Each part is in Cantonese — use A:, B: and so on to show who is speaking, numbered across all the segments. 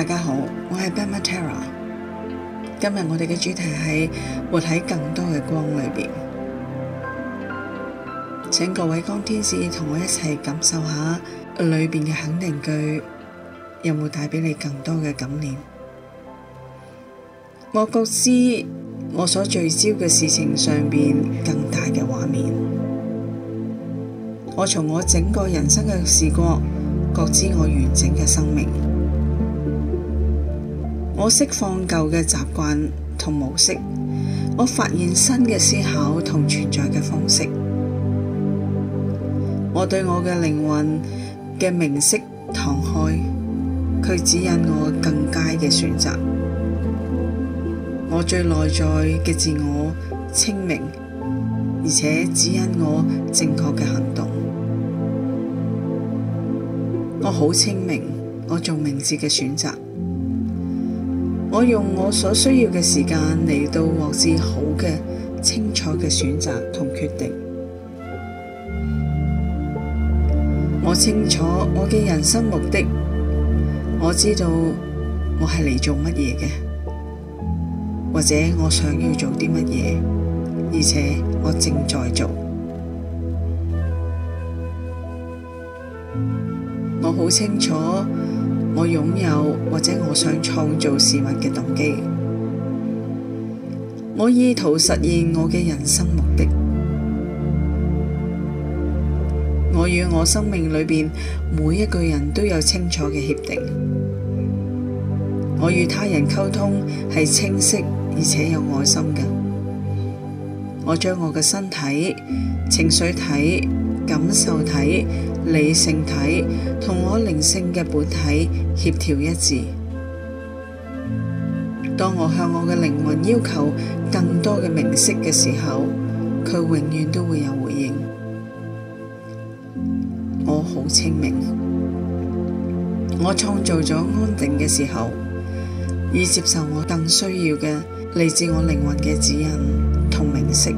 A: 大家好，我係 Padma Tara。今日我哋嘅主題係活喺更多嘅光裏面。請各位光天使同我一齊感受下裏面嘅肯定句，有冇帶俾你更多嘅感念？我覺知我所聚焦嘅事情上面更大嘅畫面。我從我整個人生嘅視角覺知我完整嘅生命。我釋放舊嘅習慣同模式，我發現新嘅思考同存在嘅方式。我對我嘅靈魂嘅明晰敞開，佢指引我更佳嘅選擇。我最內在嘅自我清明，而且指引我正確嘅行動。我好清明，我做明智嘅選擇。我用我所需要嘅時間嚟到獲致好嘅清楚嘅選擇同決定。我清楚我嘅人生目的，我知道我係嚟做乜嘢嘅，或者我想要做啲乜嘢，而且我正在做。我好清楚。我擁有或者我想創造事物嘅動機，我意圖實現我嘅人生目的。我與我生命裏邊每一個人都有清楚嘅協定。我與他人溝通係清晰而且有愛心嘅。我將我嘅身體、情緒體、感受體。理性體同我靈性嘅本體協調一致。當我向我嘅靈魂要求更多嘅明晰嘅時候，佢永遠都會有回應。我好清明。我創造咗安定嘅時候，以接受我更需要嘅嚟自我靈魂嘅指引同明晰。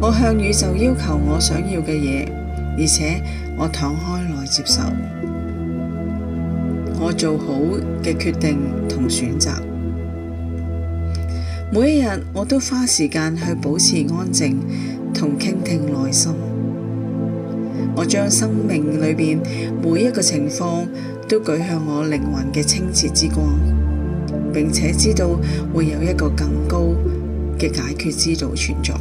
A: 我向宇宙要求我想要嘅嘢。而且我敞開來接受，我做好嘅決定同選擇。每一日我都花時間去保持安靜同傾聽內心。我將生命裏邊每一個情況都舉向我靈魂嘅清澈之光，並且知道會有一個更高嘅解決之道存在。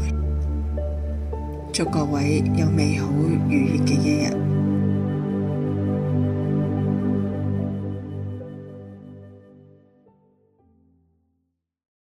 A: 祝各位有美好、愉悅嘅一日！